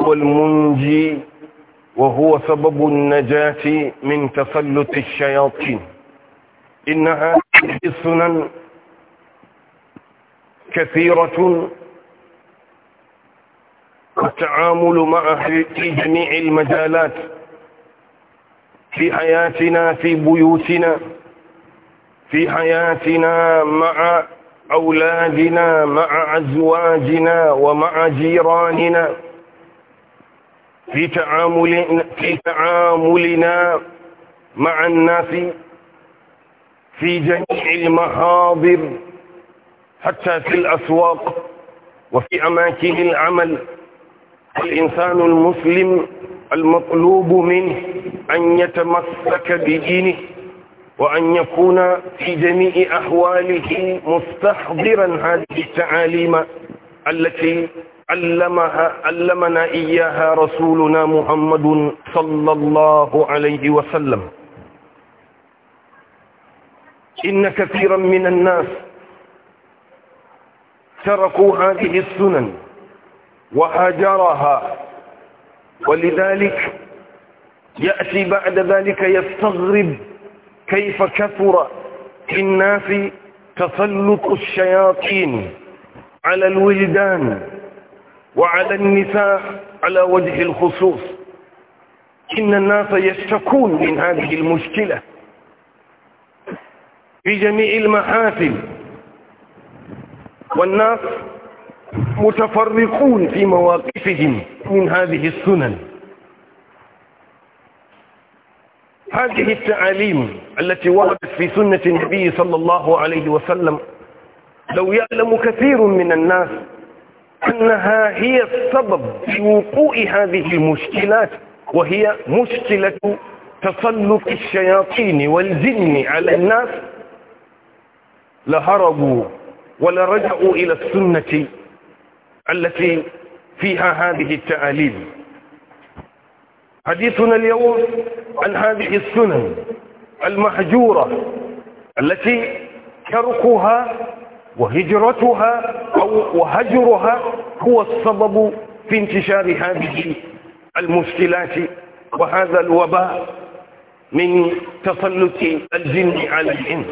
هو المنجي وهو سبب النجاة من تسلط الشياطين إنها سنن كثيرة التعامل معها في جميع المجالات في حياتنا في بيوتنا في حياتنا مع أولادنا مع أزواجنا ومع جيراننا في تعاملنا في تعاملنا مع الناس في جميع المحاضر حتى في الأسواق وفي أماكن العمل الإنسان المسلم المطلوب منه أن يتمسك بدينه وأن يكون في جميع أحواله مستحضرا هذه التعاليم التي علمها علمنا إياها رسولنا محمد صلى الله عليه وسلم إن كثيرا من الناس تركوا هذه السنن وهاجرها ولذلك يأتي بعد ذلك يستغرب كيف كثر في الناس تسلط الشياطين على الولدان وعلى النساء على وجه الخصوص إن الناس يشتكون من هذه المشكلة في جميع المحافل والناس متفرقون في مواقفهم من هذه السنن هذه التعاليم التي وردت في سنة النبي صلى الله عليه وسلم لو يعلم كثير من الناس أنها هي السبب في وقوع هذه المشكلات وهي مشكلة تسلط الشياطين والجن على الناس لهربوا ولرجعوا إلى السنة التي فيها هذه التعاليم حديثنا اليوم عن هذه السنن المهجورة التي تركها وهجرتها أو وهجرها هو السبب في انتشار هذه المشكلات وهذا الوباء من تسلط الجن على الإنس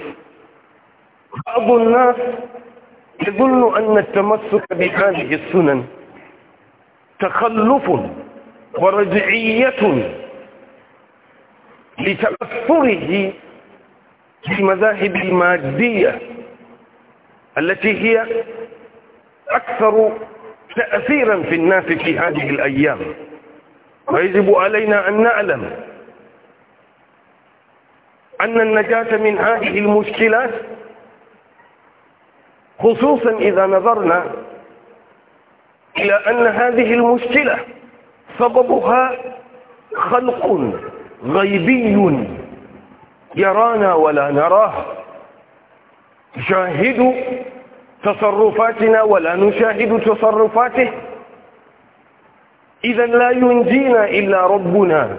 بعض الناس يظن أن التمسك بهذه السنن تخلف ورجعية لتأثره في مذاهب المادية التي هي أكثر تأثيرا في الناس في هذه الأيام ويجب علينا أن نعلم أن النجاة من هذه المشكلات خصوصا إذا نظرنا إلى أن هذه المشكلة سببها خلق غيبي يرانا ولا نراه شاهدوا تصرفاتنا ولا نشاهد تصرفاته إذا لا ينجينا إلا ربنا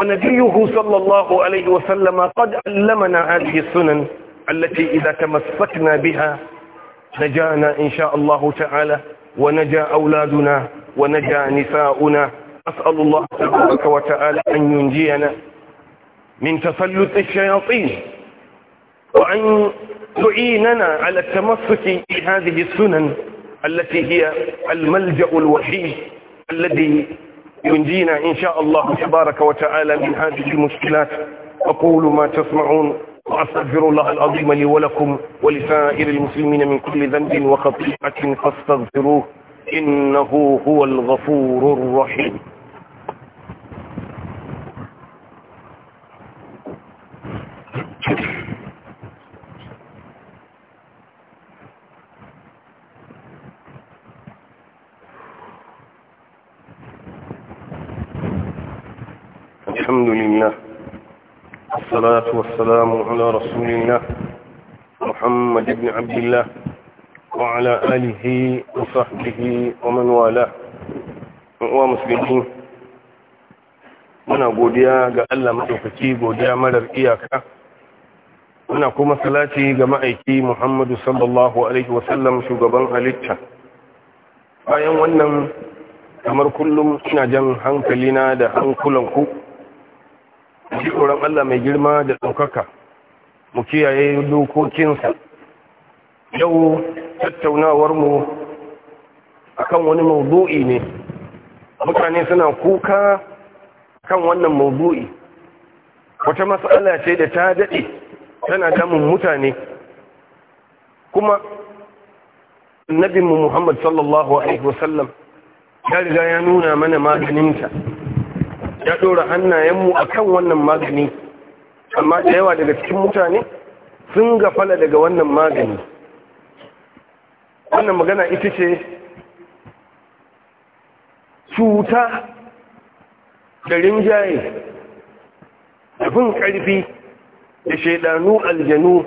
ونبيه صلى الله عليه وسلم قد علمنا هذه السنن التي إذا تمسكنا بها نجانا إن شاء الله تعالى ونجا أولادنا ونجا نساؤنا أسأل الله تبارك وتعالى أن ينجينا من تسلط الشياطين وأن تعيننا على التمسك بهذه السنن التي هي الملجأ الوحيد الذي ينجينا إن شاء الله تبارك وتعالى من هذه المشكلات أقول ما تسمعون وأستغفر الله العظيم لي ولكم ولسائر المسلمين من كل ذنب وخطيئة فاستغفروه إنه هو الغفور الرحيم والصلاة والسلام على رسول الله محمد بن عبد الله وعلى آله وصحبه ومن والاه ومسلمين muna godiya ga Allah maɗaukaki godiya marar iyaka muna kuma salati ga ma'aiki Muhammadu sallallahu alaihi wasallam shugaban halitta bayan wannan kamar kullum ina jan hankalina da hankulanku ji tsoron Allah mai girma da ɗaukaka mu kiyaye dokokinsa yau tattaunawarmu akan wani maudu'i ne mutane suna kuka kan wannan maudu'i wata matsala ce da ta daɗe tana damun mutane kuma annabinmu Muhammad sallallahu alaihi wasallam ya riga ya nuna mana maganinta ya ɗora hannayenmu a kan wannan magani amma da yawa daga cikin mutane sun gafala daga wannan magani wannan magana ita ce cuta da rinjaye da ƙarfi da shaidanu aljanu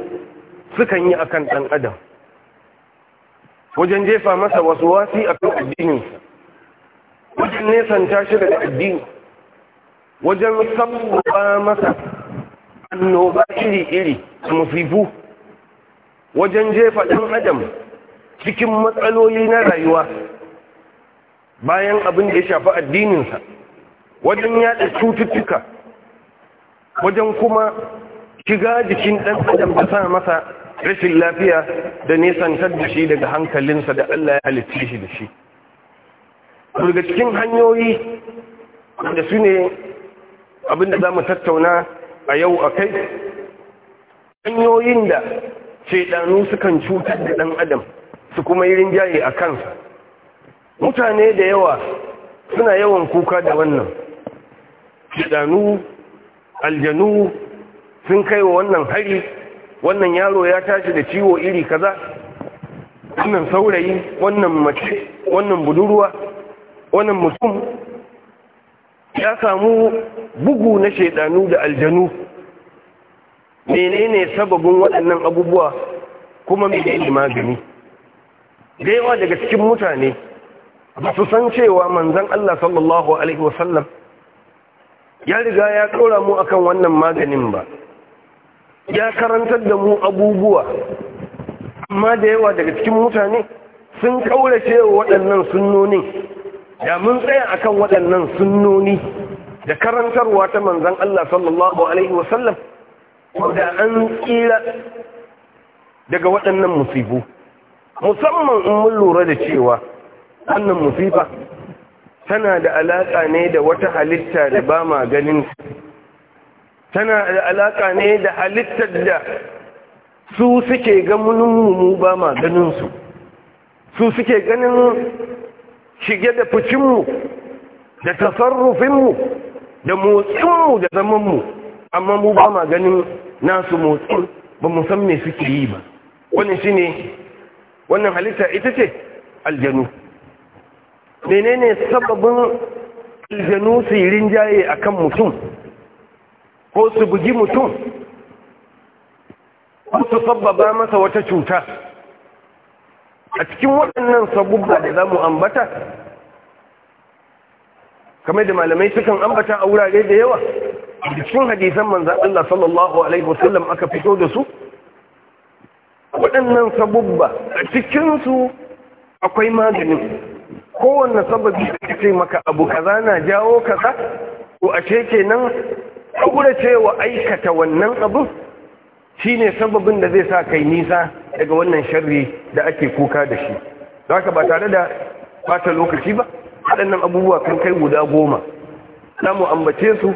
sukan yi a kan ɗan adam wajen jefa masa wasu wasi a akan addininsa wajen nesanta shi daga addini wajen sabba masa annoba iri-iri mafifu wajen jefa ɗan adam cikin matsaloli na rayuwa bayan abin da ya shafi addininsa wajen yada cututtuka wajen kuma shiga jikin ɗan adam da sa masa rashin lafiya da nesantar da shi daga hankalinsa da Allah ya halitta shi da shi daga cikin hanyoyi da su ne Abin da za mu tattauna a yau a kai hanyoyin da shaidanu sukan cutar da ɗan adam su kuma yi rinjaye a kansa mutane da yawa suna yawan kuka da wannan ɗanu aljanu sun kai wa wannan hari wannan yaro ya tashi da ciwo iri kaza wannan saurayi wannan mace wannan budurwa wannan mutum ya samu bugu na shaidanu da aljanu menene sababin waɗannan abubuwa kuma yi magani da yawa daga cikin mutane ba su san cewa manzan Allah sallallahu alaihi wasallam ya riga ya ɗora mu akan wannan maganin ba ya karantar da mu abubuwa amma da yawa daga cikin mutane sun wa waɗannan sunnonin da mun tsaya akan waɗannan sunnoni da karantarwa ta manzan Allah sallallahu alaihi wasallam da an tsira daga waɗannan musibu musamman in mun lura da cewa wannan musifa tana da alaƙa ne da wata halitta da ba ma ganin tana da alaƙa ne da halittar da su suke gamunin mu ba ma ganinsu su suke ganin shige da ficinmu da tasarrufinmu da motsinmu da zamanmu amma mu ba ma ganin nasu motsin ba mu suke yi ba wannan ne wannan halitta ita ce aljanu menene sababin aljanu su yi rinjaye a kan mutum ko su bugi mutum ko su sababa masa wata cuta a cikin waɗannan sabubba da za mu ambata kamar da malamai sukan ambata a wurare da yawa cikin hadisan manzan Allah sallallahu alaihi wasallam aka fito da su waɗannan sabubba a cikinsu akwai maganin kowanne sababi da ce maka abu kaza na jawo kaza ko a nan a aure cewa aikata wannan abu shine sababin da zai sa kai nisa daga wannan sharri da ake kuka da shi za ka ba tare da fata lokaci ba waɗannan abubuwa kan kai guda goma za mu ambace su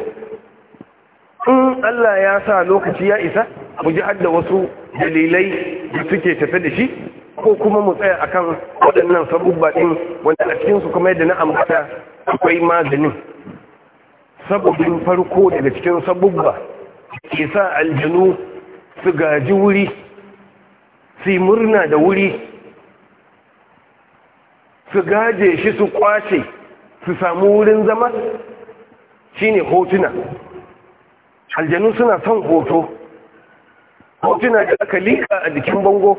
in Allah ya sa lokaci ya isa mu ji hada wasu dalilai da suke tafe da shi ko kuma mu tsaya akan waɗannan sabubba ɗin wanda a cikinsu kuma yadda na ambata akwai maganin sabubin farko daga cikin sabubba ke sa aljanu su gaji wuri su murna da wuri su gaje shi su kwace su samu wurin zama shine hotuna aljanu suna son hoto hotuna da aka liƙa a jikin bango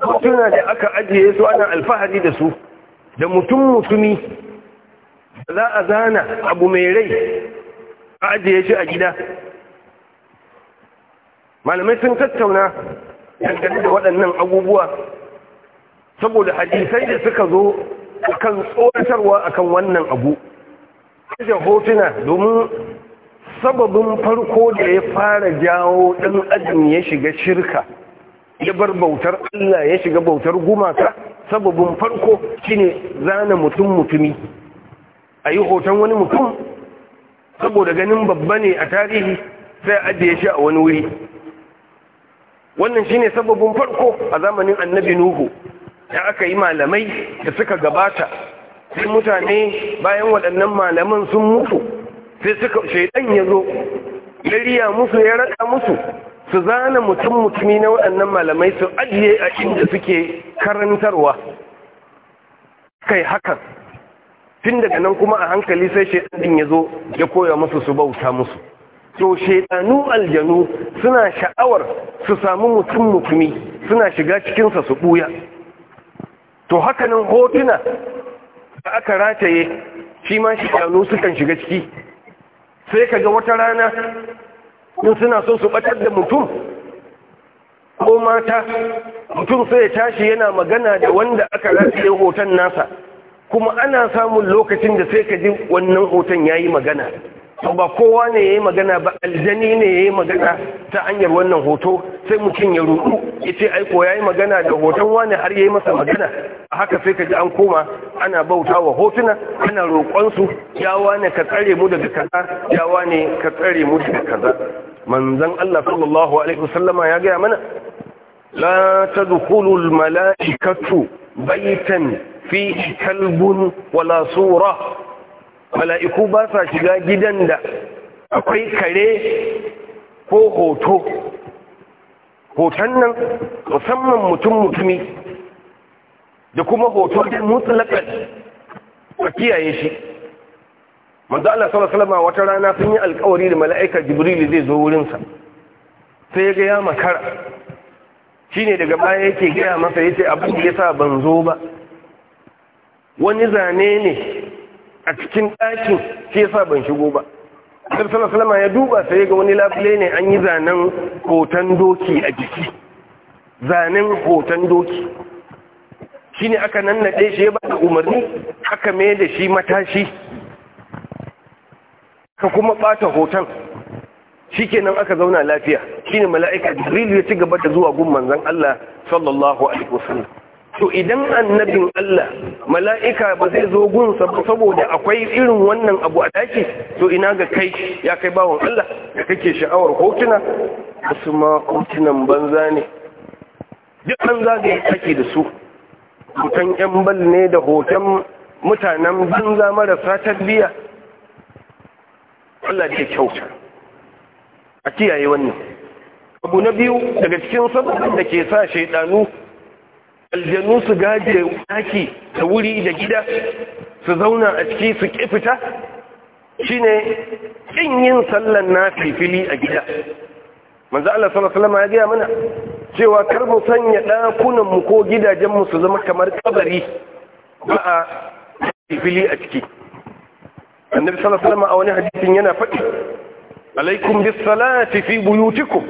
hotuna da aka ajiye su ana alfahari da su da mutum mutumi za a zana abu mai rai a ajiye shi a gida malamai sun tattauna dangane da waɗannan abubuwa saboda hadisai da suka zo kan tsoratarwa akan wannan abu kashe hotuna domin sababin farko da ya fara jawo ɗan adam ya shiga shirka ya bar bautar Allah ya shiga bautar gumaka sababin farko shine zana mutum mutumi a yi hoton wani mutum saboda ganin babba ne a tarihi sai ajiye shi a wani wuri wannan shine sababin farko a zamanin annabi nuhu da aka yi malamai da suka gabata sai mutane bayan waɗannan malaman sun mutu sai suka shaidan ya zo ya riya musu ya raka musu su zana mutum mutumi na waɗannan malamai su ajiye a inda suke karantarwa kai hakan tun daga nan kuma a hankali sai shaidan ya zo ya koya musu su bauta musu to shedanu aljanu suna sha'awar su samu mutum mutumi suna shiga cikinsa su buya to hakanan hotuna da aka rataye shi ma su sukan shiga ciki sai kaga wata rana in suna so su batar da mutum ko mata mutum sai ya tashi yana magana da wanda aka rataye hoton nasa kuma ana samun lokacin da sai ka ji wannan hoton ya yi magana to ba kowa ne ya yi magana ba aljani ne yayi magana ta hanyar wannan hoto sai mutum ya rudu ce aiko ya yi magana da hoton wani har ya yi masa magana a haka sai ka ji an koma ana bauta wa hotuna ana roƙonsu, ya wane ka tsare mu daga kaza ya wane ka tsare mu daga kaza manzon Allah sallallahu alaihi wasallama ya gaya mana la tadkhulul malaikatu baitan fi kalbun wala sura mala'iku ba sa shiga gidan da akwai kare ko hoto hoton nan musamman mutum mutumi da kuma hoto da mutlakar a kiyaye shi manzo Allah sallallahu alaihi wata rana sun yi alƙawari da mala'ika Jibril zai zo wurinsa sai ga ya makara ne daga baya yake gaya masa yace abin da yasa ban zo ba wani zane ne a cikin ɗakin shi yasa ban shigo ba Annabi Salama ya duba sai ga wani lafile ne an yi zanen hoton doki a jiki zanen hoton doki Shi ne aka nan naɗe shi ya ba da umarni aka mai da shi matashi ka kuma bata hoton Shi ke nan aka zauna lafiya Shi ne mala'ika jibril ya ci gaba da zuwa gun manzan Allah sallallahu alaihi wasallam to idan annabin Allah mala'ika ba zai zo gun saboda akwai irin wannan abu a daki to ina ga kai ya kai bawon Allah da kake sha'awar hotuna su ma hotunan banza ne duk an ya take da su hoton yan bal ne da hoton mutanen banza marasa tarbiyya Allah da kyauta a kiyaye wannan abu na biyu daga cikin sabon da ke sa shaidanu aljanu su gaje daki da wuri da gida su zauna a ciki su kifita fita shi ne yin sallan na fifili a gida manzo Allah sallallahu alaihi ya gaya mana cewa kar mu sanya ɗakunanmu ko gidajenmu su zama kamar kabari ba a a ciki annabi sallallahu alaihi a wani hadisin yana faɗi alaikum bis salati fi buyutikum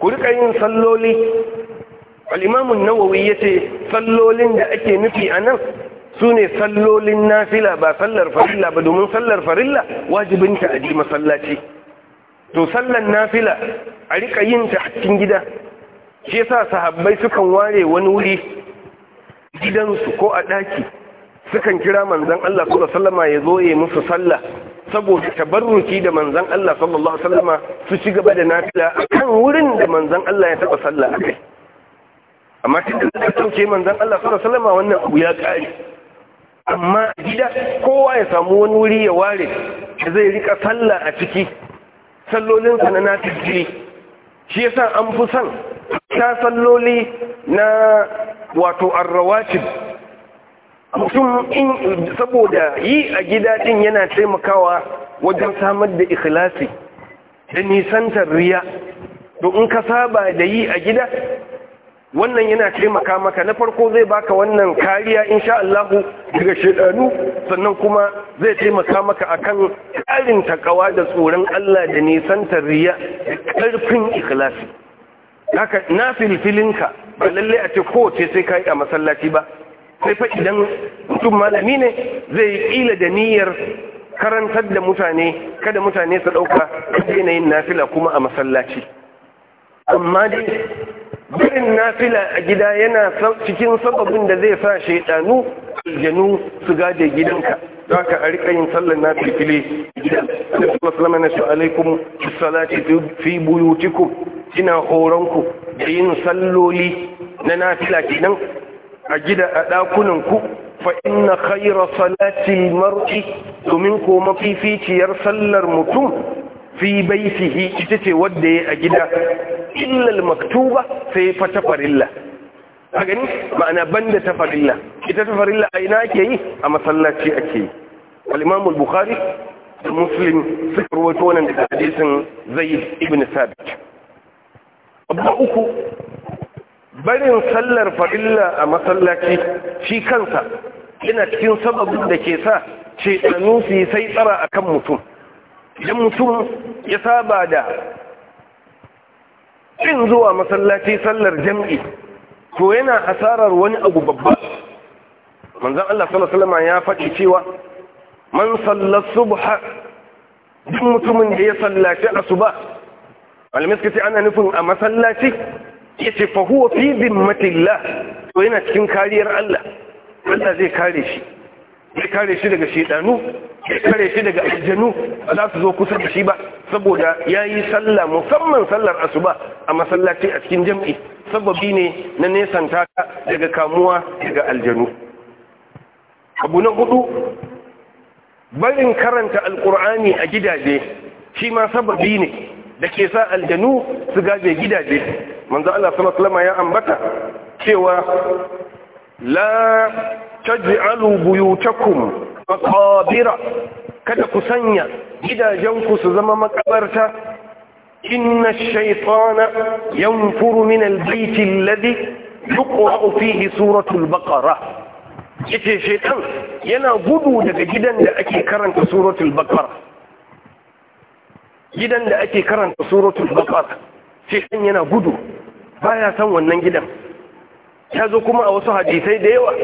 ku rika yin salloli al'imamun nawawi ya ce sallolin da ake nufi a nan su ne sallolin nafila ba sallar farilla ba domin sallar farilla wajibinta a ji masallaci to sallar nafila a rika yin ta cikin gida shi yasa sahabbai sukan ware wani wuri gidansu ko a daki sukan kira manzon Allah sallallahu ya zo ya musu sallah saboda tabarruki da manzon Allah sallallahu su ci gaba da nafila a kan wurin da manzon Allah ya taɓa sallah akai amma tun da suka ɗauke manzan Allah sallallahu alaihi wannan abu ya ƙare amma gida kowa ya samu wani wuri ya ware da zai rika sallah a ciki sallolinsa na nafi shi yasa an fi son ta salloli na wato arrawatib mutum in saboda yi a gida ɗin yana taimakawa wajen samar da ikhlasi da nisantar riya to in ka saba da yi a gida wannan yana taimaka maka na farko zai baka wannan kariya insha Allah daga shedanu sannan kuma zai taimaka maka akan karin takawa da tsoron Allah da nisan riya da karfin ikhlasi haka na filfilinka ba lalle a ce kowace sai kai a masallaci ba sai fa idan mutum malami ne zai kila da niyyar karantar da mutane kada mutane su dauka yanayin nafila kuma a masallaci amma dai barin nafila a gida yana cikin sababin da zai sa shaidanu aljanu su gade gidanka za ka a riƙa yin sallar na filfili gida da su wasu su alaikum salati fi buyutiku ina horonku da yin salloli na nafila gidan a gida a ɗakunanku fa inna khaira salati mar'i domin ko mafificiyar sallar mutum fi baitihi ita ce wadda ya a gida illal maktuba sai fa ta farilla a gani ma'ana banda ta farilla ita ta farilla a ina ake yi a masallaci ake yi al-imam al-bukhari muslim suka rawaito wannan daga hadisin zaid ibn sabit abu uku barin sallar farilla a masallaci shi kansa yana cikin sababin da ke sa ce ɗanu su sai tsara akan mutum idan mutum ya saba da ƙin zuwa masallaci sallar jam'i to yana asarar wani abu babba manzan Allah sallallahu ya faɗi cewa man sallar subha duk mutumin da ya sallaci asuba malamai suka ce ana nufin a masallaci ya ce fa huwa fi zimmatillah to yana cikin kariyar Allah Allah zai kare shi ya kare shi daga shedanu ya kare shi daga aljanu ba za su zo kusa da shi ba saboda ya yi sallah musamman sallar asuba a masallaci a cikin jam'i sababi ne na taka daga kamuwa daga aljanu abu na hudu barin karanta alkur'ani a gidaje shi ma sababi ne da ke sa aljanu su gaje gidaje manzo Allah sallallahu alaihi ya ambata cewa la taj'alu buyutakum maqabira kada ku sanya gidajenku su zama makabarta inna ash-shaytana yanfuru min al-bayt alladhi yuqra'u fihi suratul baqara yace shaytan yana gudu daga gidan da ake karanta suratul baqara gidan da ake karanta suratul baqara shaytan yana gudu baya san wannan gidan ya zo kuma a wasu hadisai da yawa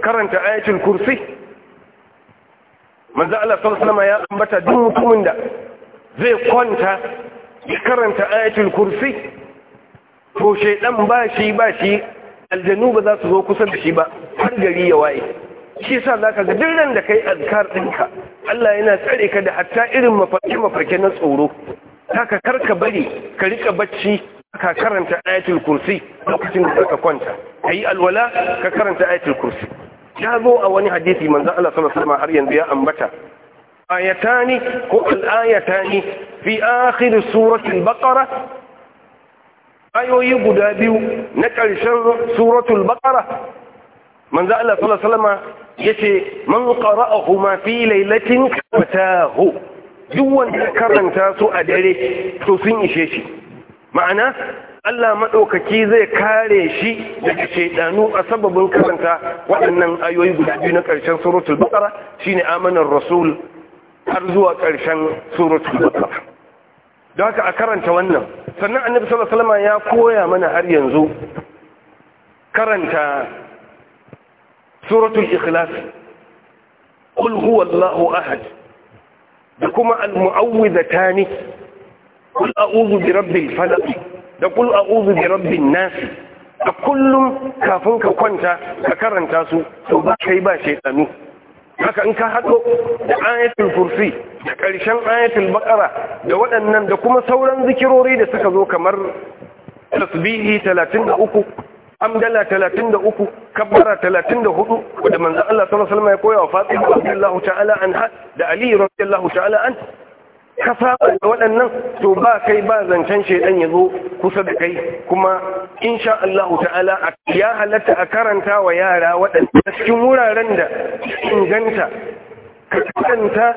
karanta ayatul kursi manzo Allah sallallahu ya ambata duk mutumin da zai kwanta ya karanta ayatul kursi to shaydan ba shi ba shi aljanu ba za su zo kusa da shi ba har gari ya waye shi yasa zaka ga duk ran da kai azkar dinka Allah yana tsare ka da hatta irin mafarki mafarki na tsoro haka karka bari ka rika bacci ka karanta ayatul kursi lokacin da ka kwanta kayi alwala ka karanta ayatul kursi ya zo a wani hadisi manzo Allah sallallahu alaihi har yanzu ya ambata ayatani ko al-ayatani fi akhir surati al-baqara ayoyi guda biyu na ƙarshen suratul baqara manzo Allah sallallahu alaihi wasallam yace man qara'ahu ma fi lailatin fatahu duk wanda karanta su a dare to sun ishe shi ma'ana Allah maɗaukaki zai kare shi da shaidanu a sababin karanta waɗannan ayoyi guda biyu na ƙarshen suratul baqara shine amanar rasul har zuwa ƙarshen suratul baqara don haka a karanta wannan sannan annabi sallallahu alaihi wasallam ya koya mana har yanzu karanta suratul ikhlas qul huwallahu ahad da kuma al-mu'awwidhatani kul a'udhu bi rabbi falaq da kul a'udhu bi rabbin nas a kullum kafin ka kwanta ka karanta su to ba ba haka in ka haɗo da ayatul kursi da ƙarshen ayatul baƙara da waɗannan da kuma sauran zikirori da suka zo kamar tasbihi 33 amdala 33 kabbara 34 wanda manzo Allah sallallahu alaihi wasallam ya koya wa Fatima radiyallahu ta'ala anha da Ali radiyallahu ta'ala ka saba da waɗannan to ba kai ba zancen shaidan ya zo kusa da kai kuma insha Allah ta'ala ya halatta a karanta wa yara waɗanda cikin wuraren da inganta ka karanta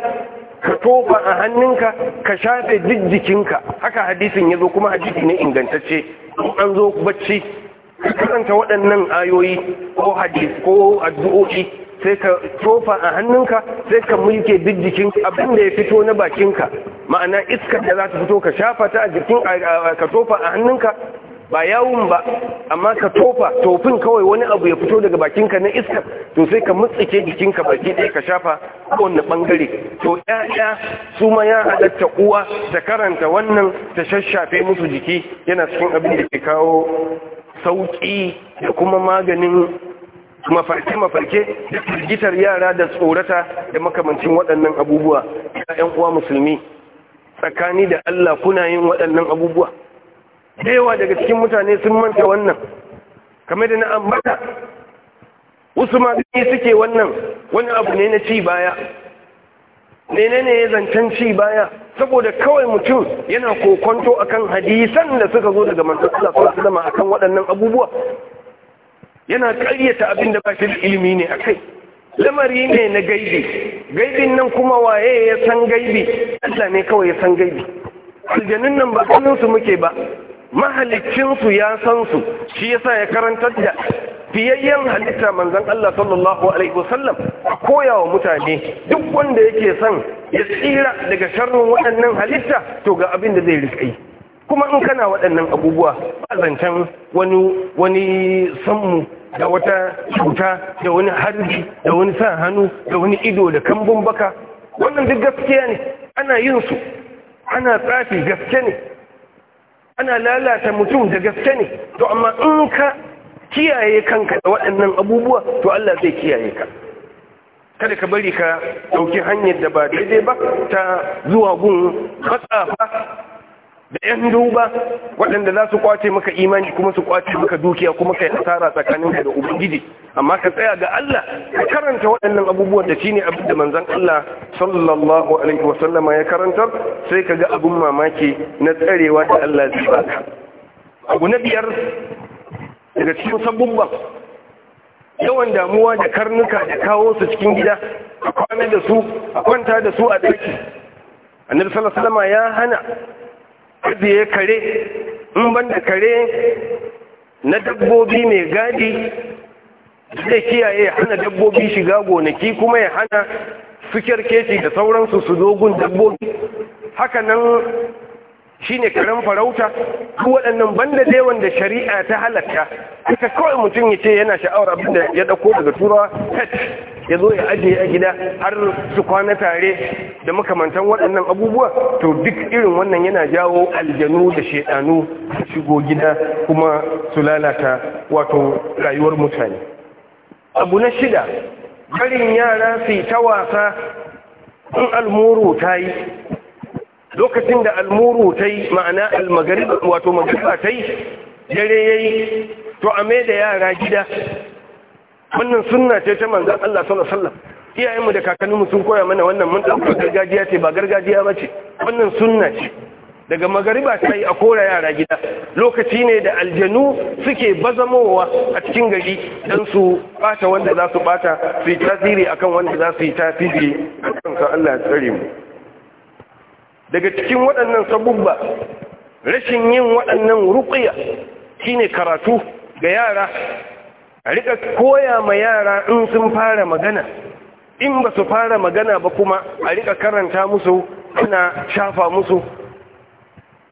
ka tofa a hannunka ka shafe duk jikinka haka hadisin ya zo kuma hadisi ne ingantacce an zo bacci ka karanta waɗannan ayoyi ko hadis ko addu'o'i sai ka tofa a hannunka sai ka mulke duk abinda ya fito na bakinka ma'ana iskar da za ta fito ka shafa ta a jikin ka tofa a hannunka ba yawun ba amma ka tofa tofin kawai wani abu ya fito daga bakinka na iskar to sai ka mutsike jikinka baki ɗaya ka shafa kowane ɓangare to ƴaƴa su ma ya halatta uwa ta karanta wannan ta shashafe musu jiki yana cikin abin da ke kawo sauƙi da kuma maganin mafarke-mafarke da firgitar yara da tsorata da makamancin waɗannan abubuwa ya ‘yan uwa musulmi tsakani da Allah kuna yin waɗannan abubuwa da yawa daga cikin mutane sun manta wannan kamar da na ambata wasu ma suke wannan wani abu ne na ci baya ne ne ya zancen ci baya saboda kawai mutum yana kokonto akan hadisan da suka zo daga manzon su su akan waɗannan abubuwa yana karyata abin da ba shi ilimi ne a kai lamari ne na gaibi gaibin nan kuma waye ya san gaibi Allah ne kawai ya san gaibi aljanun nan ba sanin su muke ba mahalicin su ya san su shi yasa ya karantar da fiyayyen halitta manzon Allah sallallahu alaihi wasallam a koya wa mutane duk wanda yake son ya tsira daga sharrin waɗannan halitta to ga abin da zai yi kuma in kana waɗannan abubuwa ba zancen wani wani sanmu da wata cuta da wani harbi da wani sa hannu da wani ido da kambun baka wannan duk gaskiya ne ana yin su ana tsafi gaske ne ana lalata mutum da gaske ne to amma in ka kiyaye kanka da waɗannan abubuwa to Allah zai kiyaye ka kada ka bari ka ɗauki hanyar da ba daidai ba ta zuwa gun matsafa da ‘yan duba waɗanda za su kwace maka imani kuma su kwace maka dukiya kuma kai tsakanin tsakaninka da ubangiji amma ka tsaya ga Allah ka karanta waɗannan abubuwan da shine abin da manzon Allah sallallahu alaihi wasallam ya karantar sai ka ga abin mamaki na tsarewa da Allah zai baka abu na biyar daga cikin sabubban yawan damuwa da karnuka da kawo su cikin gida a kwana da su a kwanta da su a ɗaki annabi sallallahu alaihi wasallam ya hana ajiye kare in banda kare na dabbobi mai gadi zai kiyaye hana dabbobi shiga gonaki kuma ya hana su kyarkeci da sauransu su dogun dabbobi hakanan shine karen farauta ko waɗannan banda dai wanda shari'a ta halatta haka kawai mutum ya ce yana sha'awar abin da ya ɗauko daga turawa kat ya zo ya ajiye a gida har su kwana tare da makamantan waɗannan abubuwa to duk irin wannan yana jawo aljanu da su shigo gida kuma su lalata wato rayuwar mutane abu na shida karin yara su ta wasa in almoro ta yi lokacin da almuru ta yi ma'ana almagariba wato magariba ta yi dare ya yi to a mai da yara gida wannan sunna ce ta manzan Allah sallallahu iyayenmu da kakanninmu sun koya mana wannan mun ba gargajiya ce ba gargajiya ba ce wannan sunna ce daga magariba ta yi a kora yara gida lokaci ne da aljanu suke bazamowa a cikin gari don su bata wanda za su bata su yi tasiri akan wanda za su yi tasiri a kan Allah ya tsare mu daga cikin waɗannan sabubba rashin yin waɗannan ruƙiya shine karatu ga yara a rika koya ma yara in sun fara magana in ba su fara magana ba kuma a rika karanta musu ana shafa musu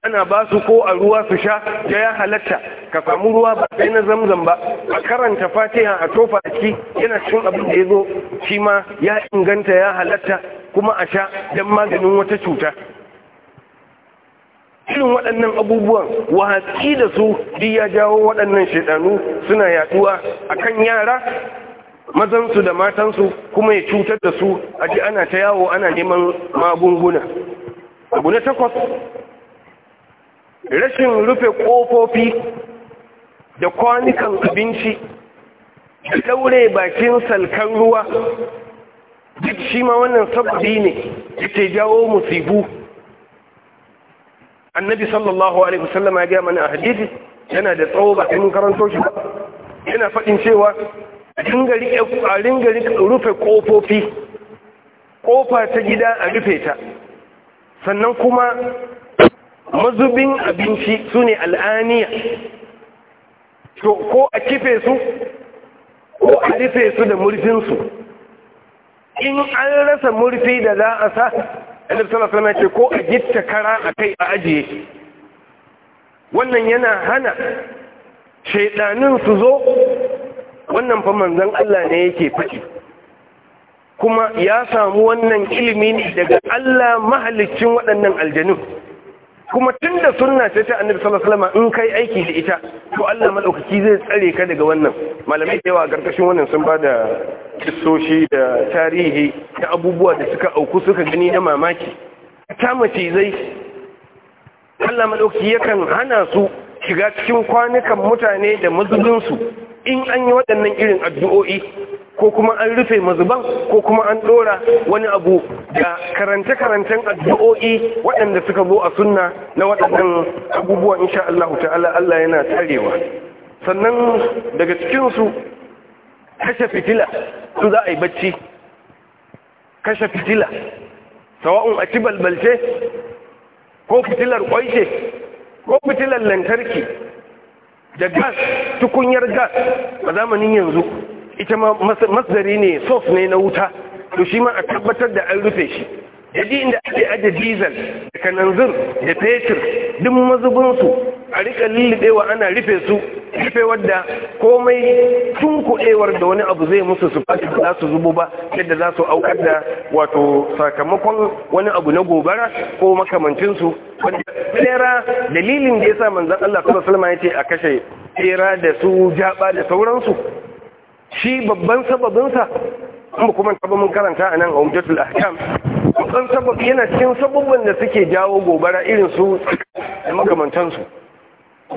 ana ba su ko a ruwa su sha ta ya halatta ka samu ruwa ba sai na zamzam ba a karanta fatiha a tofa a ciki yana cin abin da ya zo shi ma ya inganta ya halatta kuma a sha don maganin wata cuta irin waɗannan abubuwan wahatsi da su duk ya jawo waɗannan shaidanu suna yaduwa a kan yara mazansu da matansu kuma ya cutar da su a ji ana ta yawo ana neman magunguna abu na takwas rashin rufe ƙofofi da kwanukan abinci da ɗaure bakin salkan ruwa duk shi ma wannan sababi ne da ke jawo musibu annabi sallallahu alaihi wasallam ya gaya mana a hadisi yana da tsawo ba in karanto shi ba yana faɗin cewa a dinga rufe kofofi kofa ta gida a rufe ta sannan kuma mazubin abinci sune ne al'aniya ko a kife su ko a rufe su da murfinsu in an rasa murfi da za a sa annabi sallallahu alaihi wasallam ce ko a gitta kara a kai a ajiye wannan yana hana shaidanin su zo wannan fa manzon Allah ne yake faɗi kuma ya samu wannan ilimi ne daga Allah mahaliccin waɗannan aljanun kuma tun da sunna ce ta annabi sallallahu alaihi wasallam in kai aiki da ita to Allah madaukaki zai tsare ka daga wannan malamai da yawa gargashin wannan sun ba da kissoshi da tarihi da abubuwa da suka auku suka gani na mamaki ta mace zai Allah madaukaki yakan hana su shiga cikin kwanukan mutane da mazubin su in an yi waɗannan irin addu'o'i ko kuma an rufe mazuban ko kuma an dora wani abu da karance-karancen addu'o'i waɗanda suka zo a sunna na waɗannan abubuwa insha Allah ta'ala Allah yana tsarewa sannan daga cikinsu kashe fitila su za a yi bacci kashe fitila sawa'un a ci balbalce ko fitilar kwaice ko fitilar lantarki da gas tukunyar gas a zamanin yanzu ita ma ne sof ne na wuta to shi ma a tabbatar da an rufe shi yaji inda ake aje diesel da kananzir da fetur duk mazubinsu a rika lullubewa ana rufe su rufe wadda komai tun kuɗewar da wani abu zai musu su fata za su zubo ba yadda za su aukar da wato sakamakon wani abu na gobara ko makamancinsu wanda tsera dalilin da ya sa manzan Allah sallallahu alaihi wasallam ya ce a kashe tsera da su jaba da sauransu shi babban sababinsa in kuma taba mun karanta a nan a umjatul ahkam babban sababi yana cikin sababin da suke jawo gobara irin su da makamantansu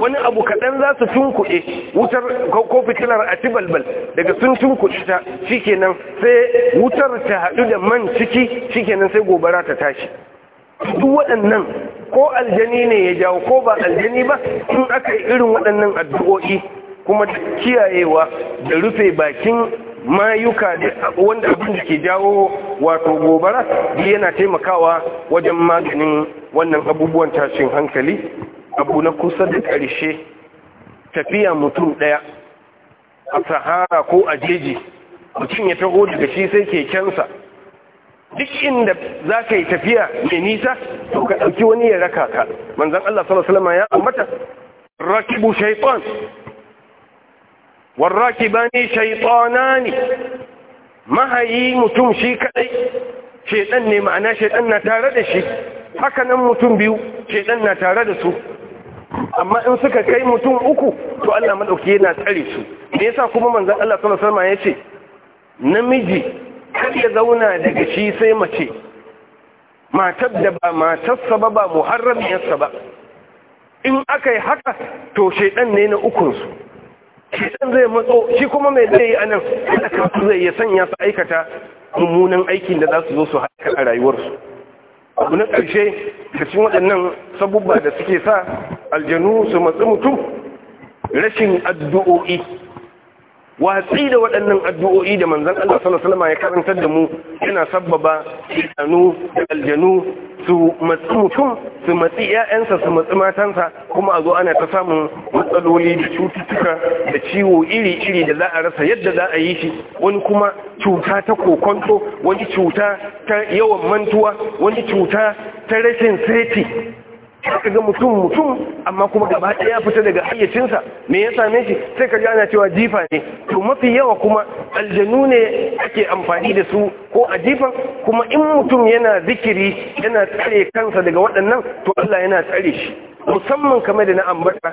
wani abu kaɗan za su tunkuɗe wutar ko fitilar a tibalbal daga sun tunkuɗe ta nan sai wutar ta haɗu da man ciki nan sai gobara ta tashi duk waɗannan ko aljani ne ya jawo ko ba aljani ba in aka yi irin waɗannan addu'o'i kuma da kiyayewa da rufe bakin mayuka wanda abin da ke jawo wato gobara yana taimakawa wajen maganin wannan abubuwan tashin hankali abu na kusa da ƙarshe tafiya mutum ɗaya a sahara ko a jeji mutum ya taho daga shi sai kekensa duk inda za ka yi tafiya mai nisa to ka ɗauki wani ya raka ka manzan Allah sallallahu alaihi wasallam ya ambata rakibu shaitan Warraki warrakibani ne. mahayi mutum shi kadai shaitan ne ma'ana shaitan na tare da shi Hakanan mutum biyu shaitan na tare da su amma in suka kai mutum uku to Allah madauki yana tsare su me yasa kuma manzon Allah sallallahu alaihi wasallam ce? namiji kar ya zauna daga shi sai mace matar da ba sa ba ba muharramiyarsa ba in aka haka to shaidan ne na ukunsu San zai matso shi kuma mai zai yi anan da su zai ya sanya su aikata mummunan aikin da za su zo su halaka a rayuwarsu abu na ƙarshe da cikin waɗannan sabubba da suke sa aljanu su matsi mutum rashin addu'o'i watsi da waɗannan addu'o'i da manzan Allah salama ya karantar da mu yana sabbaba shekanu da aljanu su matsi mutum su matsi ‘ya'yansa su matsi matansa kuma a zo ana ta samun matsaloli da cututtuka da ciwo iri-iri da za a rasa yadda za a yi shi wani kuma cuta ta kokonto wani cuta ta yawan mantuwa wani cuta ta rashin seti ka ga mutum mutum amma kuma gaba ya fita daga hayyacinsa me ya same shi sai ka ana cewa jifa ne to mafi yawa kuma aljanu ne ake amfani da su ko a jifan kuma in mutum yana zikiri yana tsare kansa daga waɗannan to Allah yana tsare shi musamman kamar da na ambata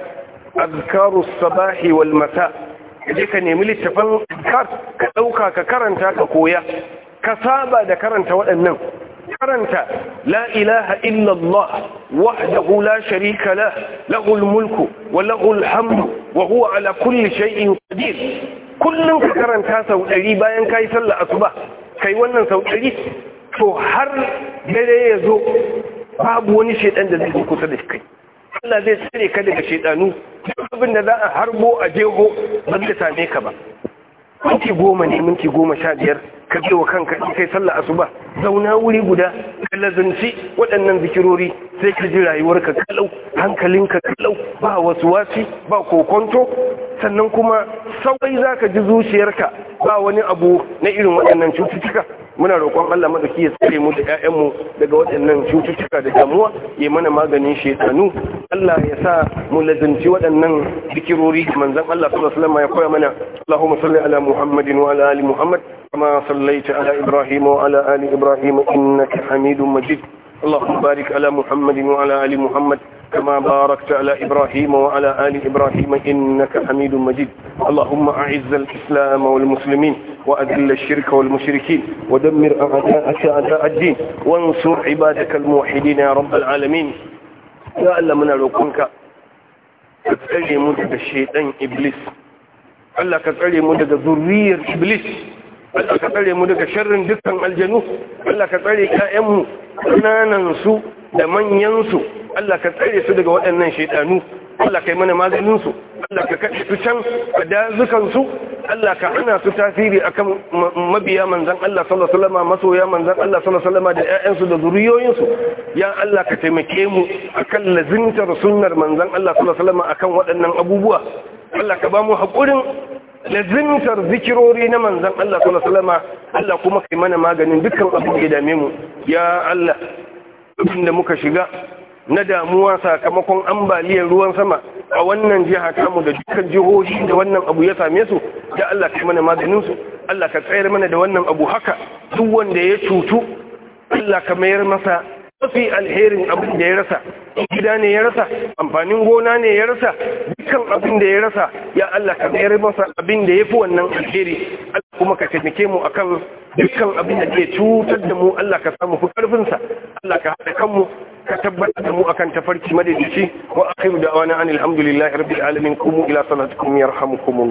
azkaru sabahi wal masa je ka nemi littafan ka ɗauka ka karanta ka koya ka saba da karanta waɗannan karanta la ilaha illallah wahdahu la sharika lah lahul mulku wa lahul hamdu wa huwa ala kulli shay'in qadir kullum ka karanta sau ɗari bayan kai sallar asuba kai wannan sau ɗari to har dare ya zo babu wani shedan da zai kusa da kai Allah zai tsare ka daga shedanu abin da za a harbo a jeho ba ka same ka ba minti goma ne minti goma sha biyar ka ce wa kanka in kai sallah asuba zauna wuri guda ka lazanci waɗannan zikirori sai ka ji rayuwarka kalau hankalinka kalau ba wasu wasi ba kokonto sannan kuma saurai za ka ji zuciyarka ba wani abu na irin waɗannan cututtuka muna roƙon Allah madaki ya tsare mu da ƴaƴanmu daga waɗannan cututtuka da damuwa ya mana maganin shaytanu Allah ya sa mu lazanci waɗannan zikirori manzon Allah sallallahu alaihi wasallam ya koya mana Allahumma salli ala Muhammadin wa ala ali Muhammad كما صليت على إبراهيم وعلى آل إبراهيم إنك حميد مجيد اللهم بارك على محمد وعلى آل محمد كما باركت على إبراهيم وعلى آل إبراهيم إنك حميد مجيد اللهم أعز الإسلام والمسلمين وأذل الشرك والمشركين ودمر أعداءك أعداء الدين وانصر عبادك الموحدين يا رب العالمين يا الله من روقنك تتأجي مدد الشيطان إبليس Allah ka tsare mu daga zuriyar Iblis Allah ka tsare mu daga sharrin dukkan aljanu Allah ka tsare ƴaƴanmu ƙananan su da manyan su Allah ka tsare su daga waɗannan shaidanu Allah ka yi mana maganin Allah ka kashe su can a dazukansu Allah ka ana su tasiri akan mabiya manzan Allah sallallahu alaihi wasallam masoya manzan Allah sallallahu alaihi wasallam da ƴaƴansu da zuriyoyinsu ya Allah ka taimake mu akan lazimtar sunnar manzan Allah sallallahu alaihi wasallam akan waɗannan abubuwa Allah ka ba mu haƙurin lazimtar zikirori na manzan Allah kuma salama Allah kuma kai mana maganin dukkan abin da dame mu ya Allah da muka shiga na damuwa sakamakon ambaliyar ruwan sama a wannan jiha kamun da dukkan jihohi da wannan abu ya same su ya Allah kai mana maganin su Allah ka tsayar mana da wannan abu haka duk wanda ya cutu Allah ka mayar masa mafi alherin abin da ya rasa gida ne ya rasa amfanin gona ne ya rasa dukkan abin da ya rasa ya Allah ka mayar masa abin da ya fi wannan alheri Allah kuma ka taimake mu akan dukkan abin da ke cutar da mu Allah ka samu fi karfinsa Allah ka haɗa kanmu ka tabbatar da mu akan tafarki madadici wa akhiru da'wana anil hamdulillahi rabbil alamin kumu ila salatikum yarhamukumullah